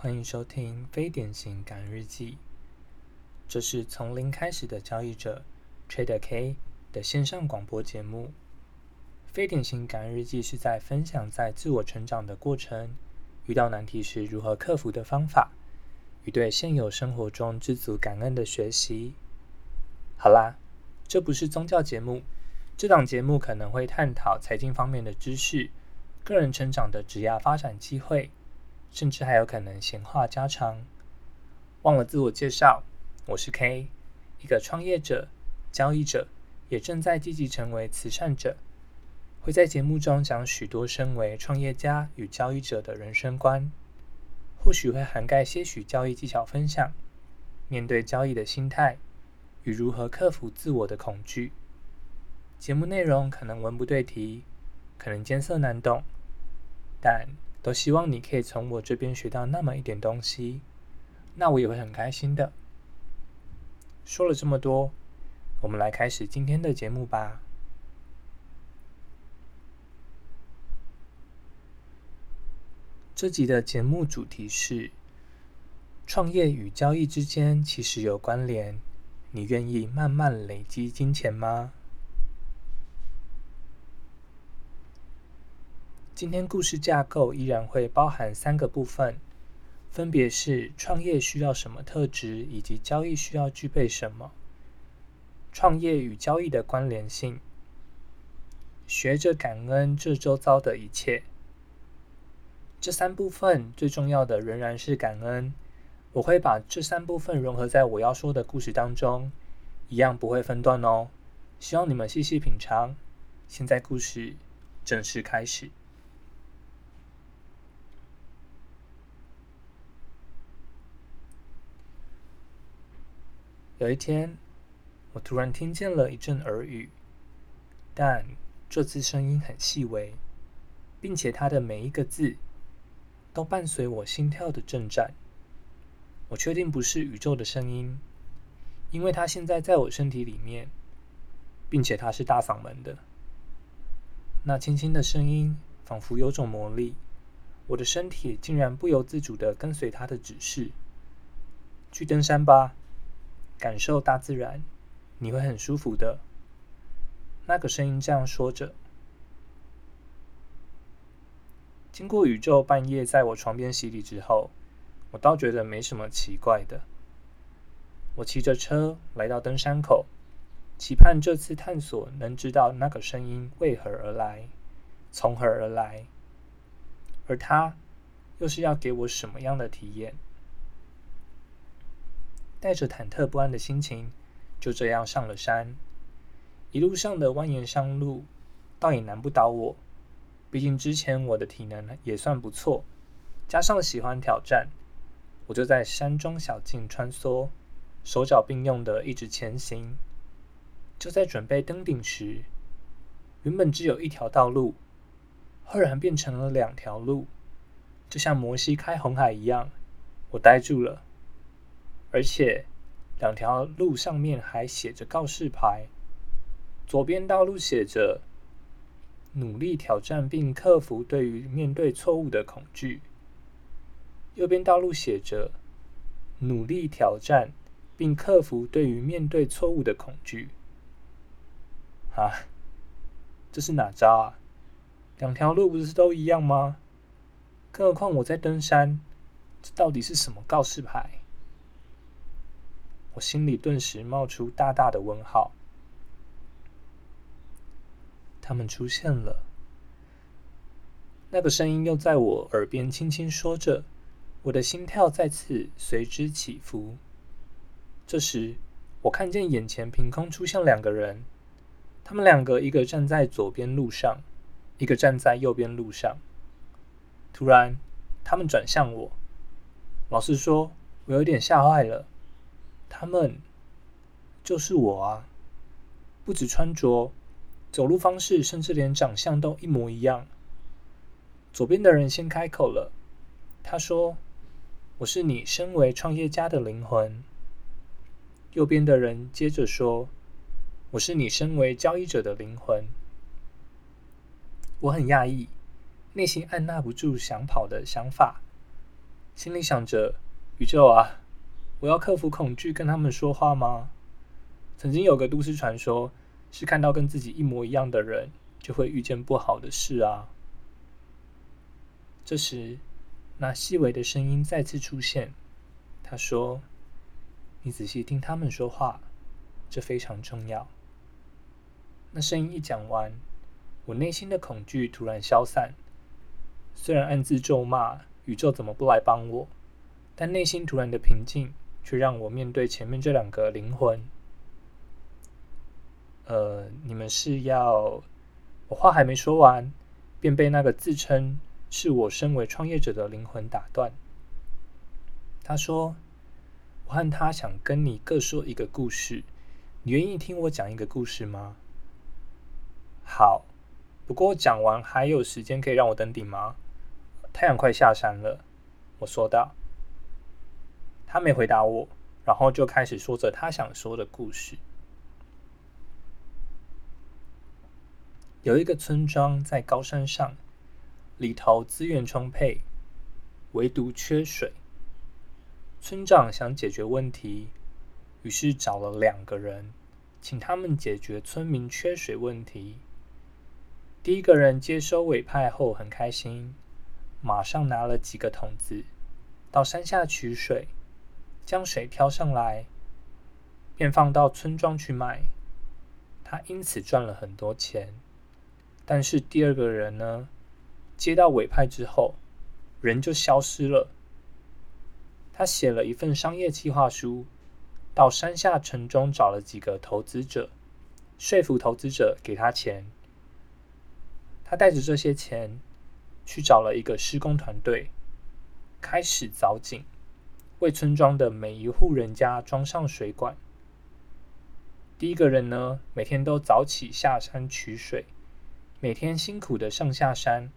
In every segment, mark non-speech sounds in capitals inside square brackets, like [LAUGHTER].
歡迎收聽《非典型感恩日記》，這是從零開始的交易者 Trader K 的線上廣播節目。非典型感恩日記是在分享在自我成長的過程遇到難題時如何克服的方法，與對現有生活中知足感恩的學習。好啦，這不是宗教節目，這檔節目可能會探討財經方面的知識、個人成長的職涯發展機會。甚至還有可能閒話家常。忘了自我介紹。我是 K，一個創業者、交易者，也正在積極成為慈善者。會在節目中講許多身為創業家與交易者的人生觀，或許會涵蓋些許交易技巧分享，面對交易的心態與如何克服自我的恐懼。節目內容可能文不對題，可能艱澀難懂，但，我希望你可以從我這邊學到那麼一點東西，那我也會很開心的。說了這麼多，我們來開始今天的節目吧。這集的節目主題是：創業與交易之間其實有關聯。你願意慢慢累積金錢嗎？今天故事架構依然會包含三個部分，分別是創業需要什麼特質，以及交易需要具備什麼、創業與交易的關聯性、學着感恩這周遭的一切。這三部分最重要的仍然是感恩，我會把這三部分融合在我要說的故事當中，一樣不會分段哦。希望你們細細品嘗。現在故事正式開始。有一天，我突然聽見了一陣耳語，但這次聲音很細微，並且它的每一個字都伴隨我心跳的震顫。我確定不是宇宙的聲音，因為它現在在我身體裡面，並且它是大嗓門的。那輕輕的聲音仿佛有種魔力，我的身體竟然不由自主地跟隨它的指示，去登山吧。感受大自然，你會很舒服的。那個聲音這樣說着。經過宇宙半夜在我床邊洗禮之後，我倒覺得沒什麼奇怪的。我騎着車來到登山口，期盼這次探索能知道那個聲音為何而來，從何而來。而它又是要給我什麼樣的體驗？帶着忐忑不安的心情，就這樣上了山。一路上的蜿蜒山路倒也難不倒我，畢竟之前我的體能也算不錯，加上喜歡挑戰，我就在山中小徑穿梭，手腳並用的一直前行。就在準備登頂時，原本只有一條道路，赫然變成了兩條路，就像摩西開紅海一樣，我呆住了。而且，兩條路上面還寫着告示牌。左邊道路寫着“努力挑戰並克服對於面對錯誤的恐懼”，右邊道路寫着“努力挑戰並克服對於面對錯誤的恐懼”。啊，這是哪招啊？兩條路不是都一樣嗎？更何況我在登山，這到底是什麼告示牌？我心裡頓時冒出大大的問號。他們出現了，那個聲音又在我耳邊輕輕說着，我的心跳再次隨之起伏。這時，我看見眼前憑空出現兩個人，他們兩個，一個站在左邊路上，一個站在右邊路上。突然，他們轉向我，老實說，我有點嚇壞了。他們就是我啊！不止穿着、走路方式，甚至連長相都一模一樣。左邊的人先開口了，他說：“我是你身為創業家的靈魂。”右邊的人接着說：“我是你身為交易者的靈魂。”我很訝異，內心按捺不住想跑的想法，心裡想着：“宇宙啊！”我要克服恐懼跟他們說話嗎？曾經有個都市傳說，是看到跟自己一模一樣的人，就會遇見不好的事啊。這時，那細微的聲音再次出現，他說：“你仔細聽他們說話，這非常重要。”那聲音一講完，我內心的恐懼突然消散。雖然暗自咒罵宇宙怎麼不來幫我，但內心突然的平靜。去讓我面對前面這兩個靈魂，呃，你們是要……我話還沒說完，便被那個自稱是我身為創業者的靈魂打斷。他說：“我和他想跟你各說一個故事，你願意聽我講一個故事嗎？”好，不過講完還有時間可以讓我登頂嗎？太陽快下山了，我說道。他沒回答我，然後就開始說着他想說的故事。有一個村莊在高山上，裡頭資源充沛，唯獨缺水。村長想解決問題，於是找了兩個人，請他們解決村民缺水問題。第一個人接收委派後很開心，馬上拿了幾個桶子到山下取水。將水挑上來，便放到村莊去賣，他因此賺了很多錢。但是第二個人呢，接到委派之後，人就消失了。他寫了一份商業計劃書，到山下城中找了幾個投資者，說服投資者給他錢。他帶着這些錢，去找了一個施工團隊，開始鑿井。為村莊的每一戶人家裝上水管。第一個人呢，每天都早起下山取水，每天辛苦的上下山，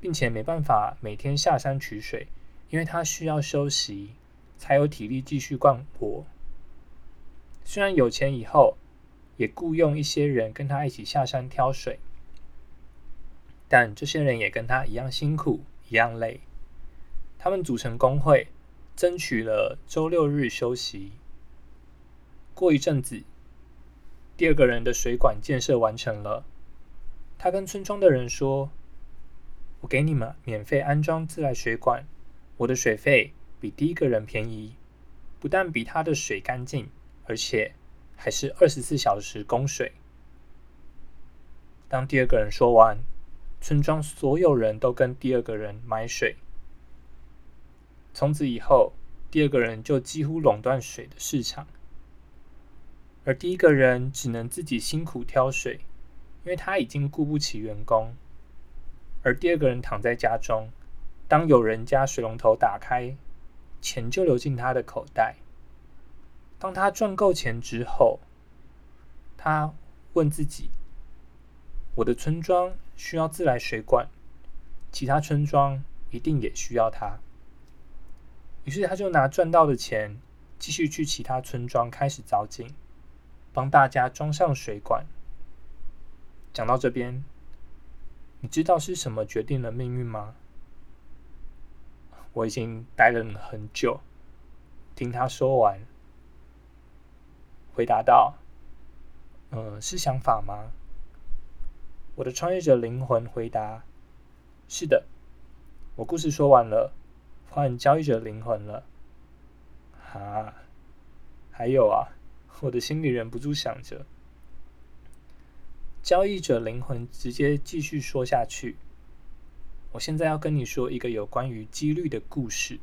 並且沒辦法每天下山取水，因為他需要休息，才有體力繼續幹活。雖然有錢以後，也僱傭一些人跟他一起下山挑水，但這些人也跟他一樣辛苦，一樣累。他們組成工會。爭取了周六日休息。過一陣子，第二個人的水管建設完成了。他跟村莊的人說：“我給你們免費安裝自來水管，我的水費比第一個人便宜，不但比他的水乾淨，而且還是二十四小時供水。”當第二個人說完，村莊所有人都跟第二個人買水。從此以後，第二個人就幾乎壟斷水的市場，而第一個人只能自己辛苦挑水，因為他已經雇不起員工。而第二個人躺在家中，當有人將水龍頭打開，錢就流進他的口袋。當他賺夠錢之後，他問自己：“我的村莊需要自來水管，其他村莊一定也需要它。”於是他就拿賺到的錢，繼續去其他村莊開始鑿井，幫大家裝上水管。講到這邊，你知道是什麼決定了命運嗎？我已經待了很久，聽他說完，回答道：“嗯，是想法嗎？”我的創業者靈魂回答：“是的，我故事說完了。”換交易者靈魂了，哈、啊，還有啊，我的心裡忍不住想着，交易者靈魂直接繼續說下去。我現在要跟你說一個有關於幾率的故事。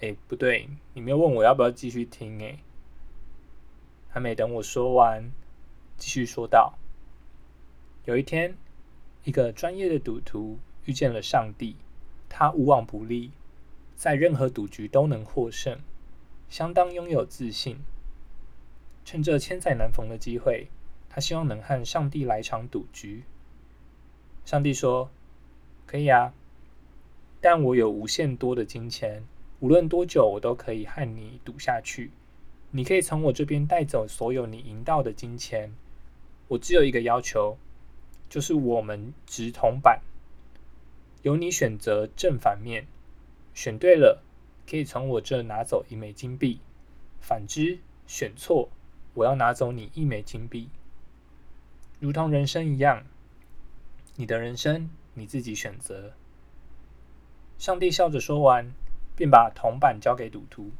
哎、欸，不對，你沒有問我要不要繼續聽哎、欸，還沒等我說完，繼續說道，有一天，一個專業的賭徒遇見了上帝。他無往不利，在任何賭局都能獲勝，相當擁有自信。趁着千載難逢的機會，他希望能和上帝來場賭局。上帝說：“可以啊，但我有無限多的金錢，無論多久我都可以和你賭下去。你可以從我這邊帶走所有你贏到的金錢。我只有一個要求，就是我們擲銅板。由你選擇正反面，選對了可以從我這拿走一枚金幣，反之選錯我要拿走你一枚金幣。如同人生一樣，你的人生你自己選擇。上帝笑着說完，便把銅板交給賭徒。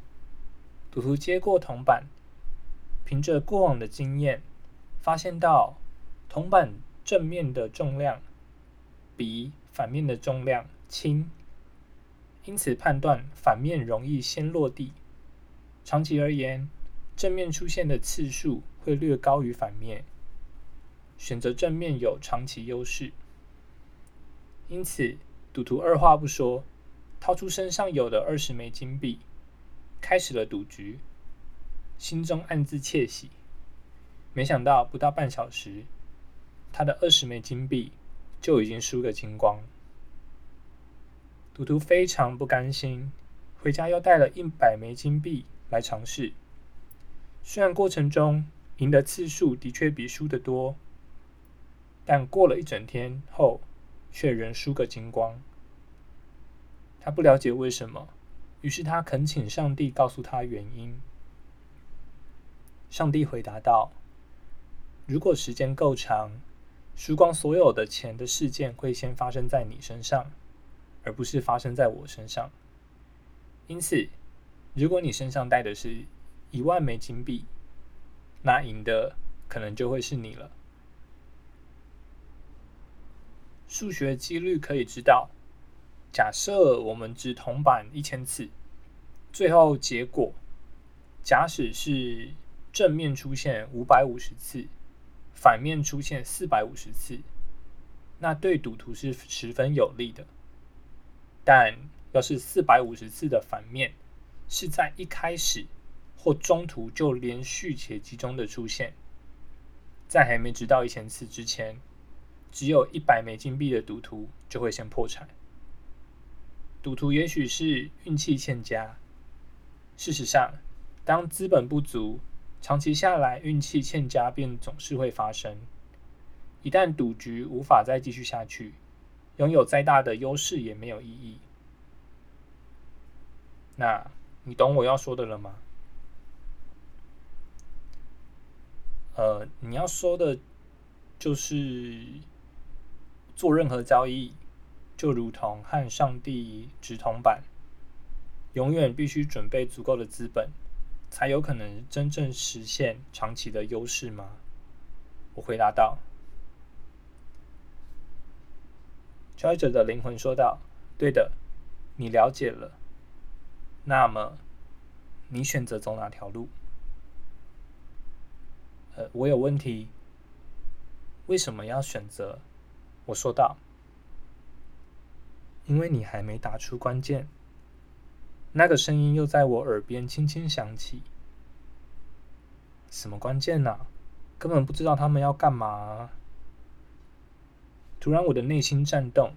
賭徒接過銅板，憑着過往的經驗，發現到銅板正面的重量比。反面的重量輕，因此判斷反面容易先落地。長期而言，正面出現的次數，會略高於反面，選擇正面有長期優勢。因此，賭徒二話不說，掏出身上有的二十枚金幣，開始了賭局，心中暗自竊喜。沒想到不到半小時，他的二十枚金幣。就已經輸個精光。賭徒非常不甘心，回家又帶了一百枚金幣來嘗試。雖然過程中贏的次數的確比輸得多，但過了一整天後，卻仍輸個精光。他不了解為什麼，於是他懇請上帝告訴他原因。上帝回答道：“如果時間夠長。”輸光所有的錢的事件會先發生在你身上，而不是發生在我身上。因此，如果你身上帶的是一萬枚金幣，那贏的可能就會是你了。數學幾率可以知道，假設我們擲銅板一千次，最後結果假使是正面出現五百五十次。反面出現四百五十次，那對賭徒是十分有利的。但要是四百五十次的反面是在一開始或中途就連續且集中的出現，在還沒直到一千次之前，只有一百枚金幣的賭徒就會先破產。賭徒也許是運氣欠佳。事實上，當資本不足，長期下來，運氣欠佳便總是會發生。一旦賭局無法再繼續下去，擁有再大的優勢也沒有意義。那你懂我要說的了嗎？呃，你要說的，就是做任何交易，就如同和上帝擲銅板，永遠必須準備足夠的資本。才有可能真正實現長期的優勢嗎？我回答道。交易者的靈魂說道：“對的，你了解了。那麼，你選擇走哪條路？”呃，我有問題。為什麼要選擇？我說道。因為你還沒答出關鍵。那個聲音又在我耳邊輕輕響起。什麼關鍵呢、啊？根本不知道他們要幹嘛、啊。突然，我的內心顫動。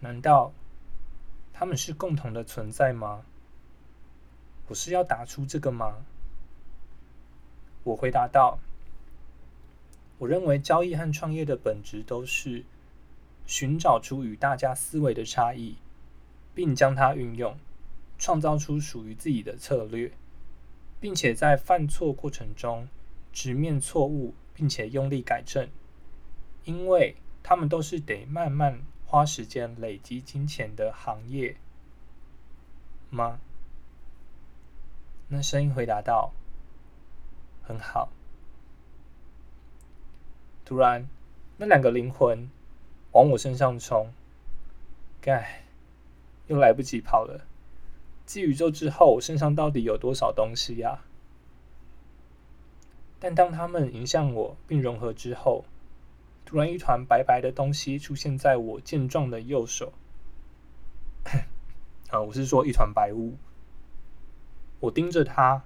難道他們是共同的存在嗎？我是要答出這個嗎？我回答道：“我認為交易和創業的本質都是尋找出與大家思維的差異，並將它運用。”創造出屬於自己的策略，並且在犯錯過程中直面錯誤，並且用力改正，因為他們都是得慢慢花時間累積金錢的行業嗎？那聲音回答道：“很好。”突然，那兩個靈魂往我身上衝，該又來不及跑了。繼宇宙之後，身上到底有多少東西呀、啊？但當他們迎向我並融合之後，突然一團白白的東西出現在我健壯的右手。啊，我是說一團白霧。我盯着它，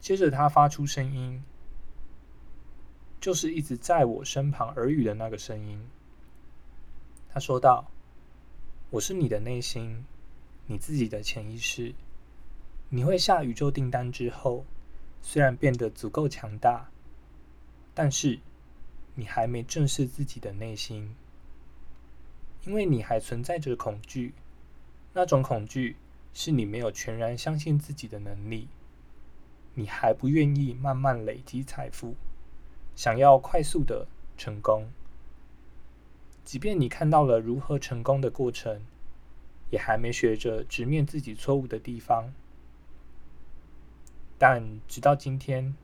接着它發出聲音，就是一直在我身旁耳語的那個聲音。他說道：“我是你的內心。”你自己的潛意識，你會下宇宙訂單之後，雖然變得足夠強大，但是你還沒正視自己的內心，因為你還存在着恐懼，那種恐懼是你沒有全然相信自己的能力，你還不願意慢慢累積財富，想要快速的成功，即便你看到了如何成功的過程。也還沒學着直面自己錯誤的地方，但直到今天，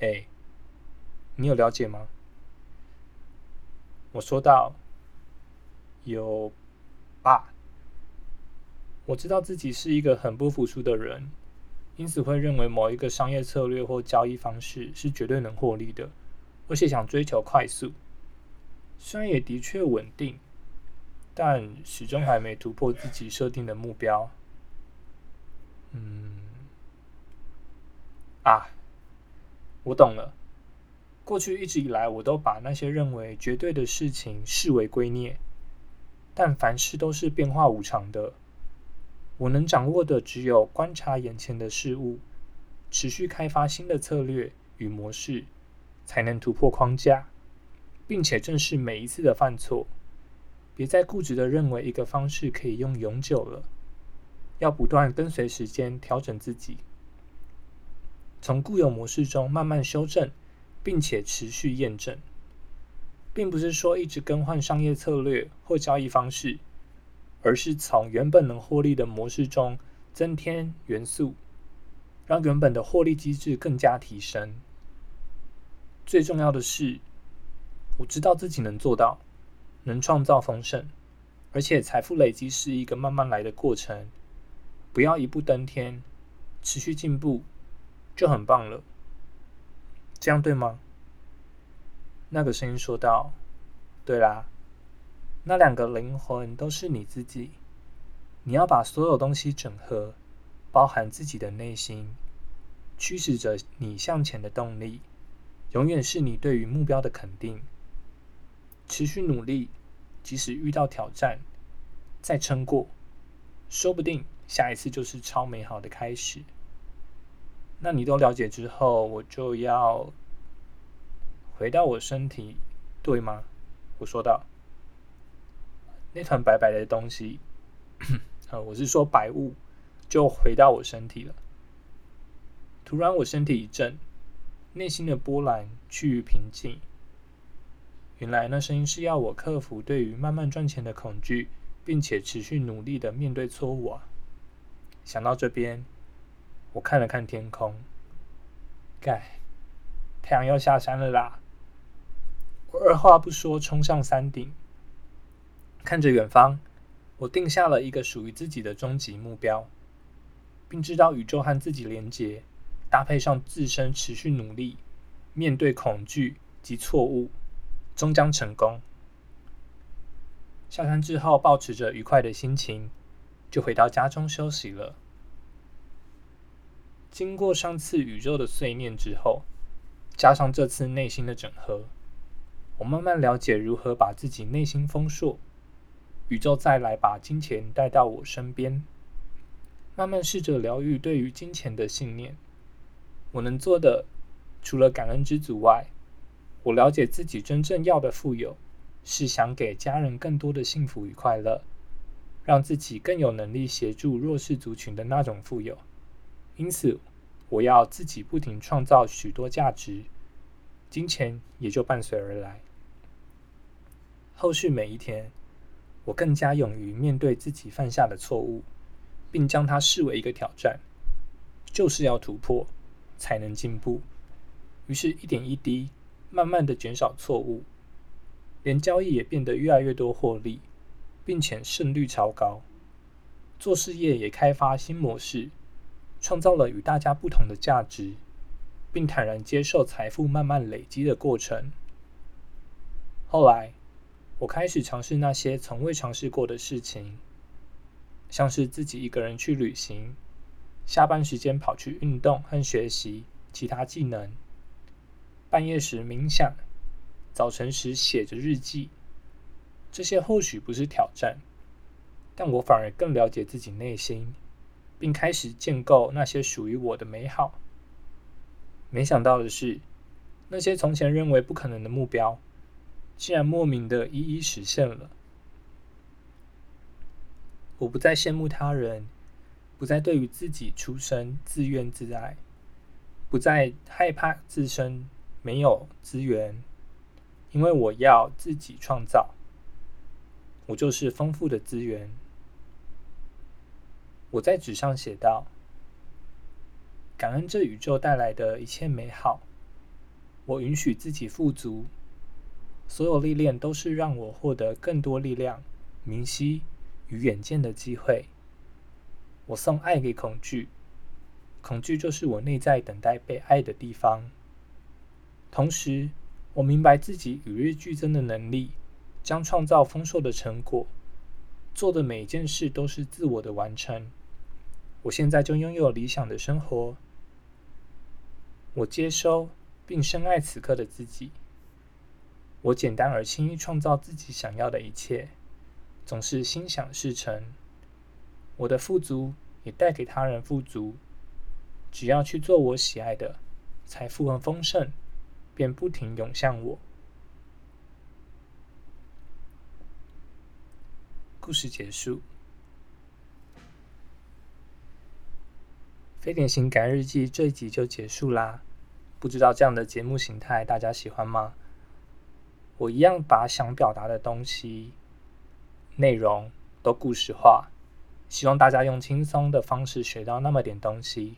哎、欸，你有了解嗎？我說到有吧，我知道自己是一個很不服輸的人，因此會認為某一個商業策略或交易方式是絕對能獲利的，而且想追求快速，雖然也的確穩定。但始終還沒突破自己設定的目標。嗯，啊，我懂了。過去一直以來，我都把那些認為絕對的事情視為圭臬。但凡事都是變化無常的。我能掌握的只有觀察眼前的事物，持續開發新的策略與模式，才能突破框架，並且正視每一次的犯錯。別再固執的認為一個方式可以用永久了，要不斷跟隨時間調整自己，從固有模式中慢慢修正，並且持續驗證，並不是說一直更換商業策略或交易方式，而是從原本能獲利的模式中增添元素，讓原本的獲利機制更加提升。最重要的是，我知道自己能做到。能創造豐盛，而且財富累積是一個慢慢來的過程，不要一步登天，持續進步就很棒了。這樣對嗎？那個聲音說道：“對啦，那兩個靈魂都是你自己，你要把所有東西整合，包含自己的內心，驅使着你向前的動力，永遠是你對於目標的肯定。”持續努力，即使遇到挑戰，再撐過，說不定下一次就是超美好的開始。那你都了解之後，我就要回到我身體，對嗎？我說道。那團白白的東西，啊， [COUGHS] 我是說白霧，就回到我身體了。突然，我身體一震，內心的波瀾趨於平靜。原來那聲音是要我克服對於慢慢賺錢的恐懼，並且持續努力地面對錯誤啊！想到這邊，我看了看天空，該、哎、太陽要下山了啦。我二話不說衝上山頂，看着遠方，我定下了一個屬於自己的終極目標，並知道宇宙和自己連接，搭配上自身持續努力，面對恐懼及錯誤。終將成功。下山之後，保持着愉快的心情，就回到家中休息了。經過上次宇宙的碎念之後，加上這次內心的整合，我慢慢了解如何把自己內心豐碩，宇宙再來把金錢帶到我身邊。慢慢試着療癒對於金錢的信念。我能做的，除了感恩知足外，我了解自己真正要的富有，是想給家人更多的幸福與快樂，讓自己更有能力協助弱勢族群的那種富有。因此，我要自己不停創造許多價值，金錢也就伴隨而來。後續每一天，我更加勇於面對自己犯下的錯誤，並將它視為一個挑戰，就是要突破，才能進步。於是，一點一滴。慢慢的減少錯誤，連交易也變得越來越多獲利，並且勝率超高。做事業也開發新模式，創造了與大家不同的價值，並坦然接受財富慢慢累積的過程。後來，我開始嘗試那些從未嘗試過的事情，像是自己一個人去旅行，下班時間跑去運動和學習其他技能。半夜時冥想，早晨時寫着日記，這些或許不是挑戰，但我反而更了解自己內心，並開始建構那些屬於我的美好。沒想到的是，那些從前認為不可能的目標，竟然莫名的一一實現了。我不再羨慕他人，不再對於自己出身自怨自艾，不再害怕自身，沒有資源，因為我要自己創造。我就是豐富的資源。我在紙上寫道：“感恩這宇宙帶來的一切美好。”我允許自己富足。所有歷練都是讓我獲得更多力量、明晰與遠見的機會。我送愛給恐懼，恐懼就是我內在等待被愛的地方。同時，我明白自己與日俱增的能力將創造豐碩的成果。做的每件事都是自我的完成。我現在就擁有理想的生活。我接收並深愛此刻的自己。我簡單而輕易創造自己想要的一切，總是心想事成。我的富足也帶給他人富足。只要去做我喜愛的，財富很豐盛，便不停湧向我。故事結束，《非典型感日記》這一集就結束啦。不知道這樣的節目形態大家喜歡嗎？我一樣把想表達的東西、內容都故事化，希望大家用輕鬆的方式學到那麼點東西。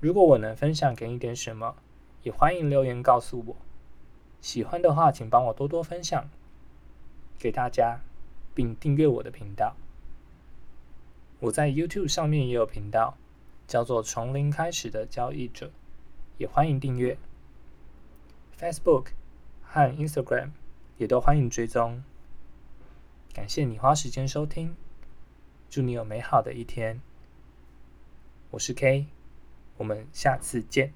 如果我能分享給你點什麼，也歡迎留言告訴我，喜歡的話請幫我多多分享給大家，並訂閱我的頻道。我在 YouTube 上面也有頻道，叫做“從零開始的交易者”，也歡迎訂閱。Facebook 和 Instagram 也都歡迎追蹤。感謝你花時間收聽，祝你有美好的一天。我是 K，我們下次見。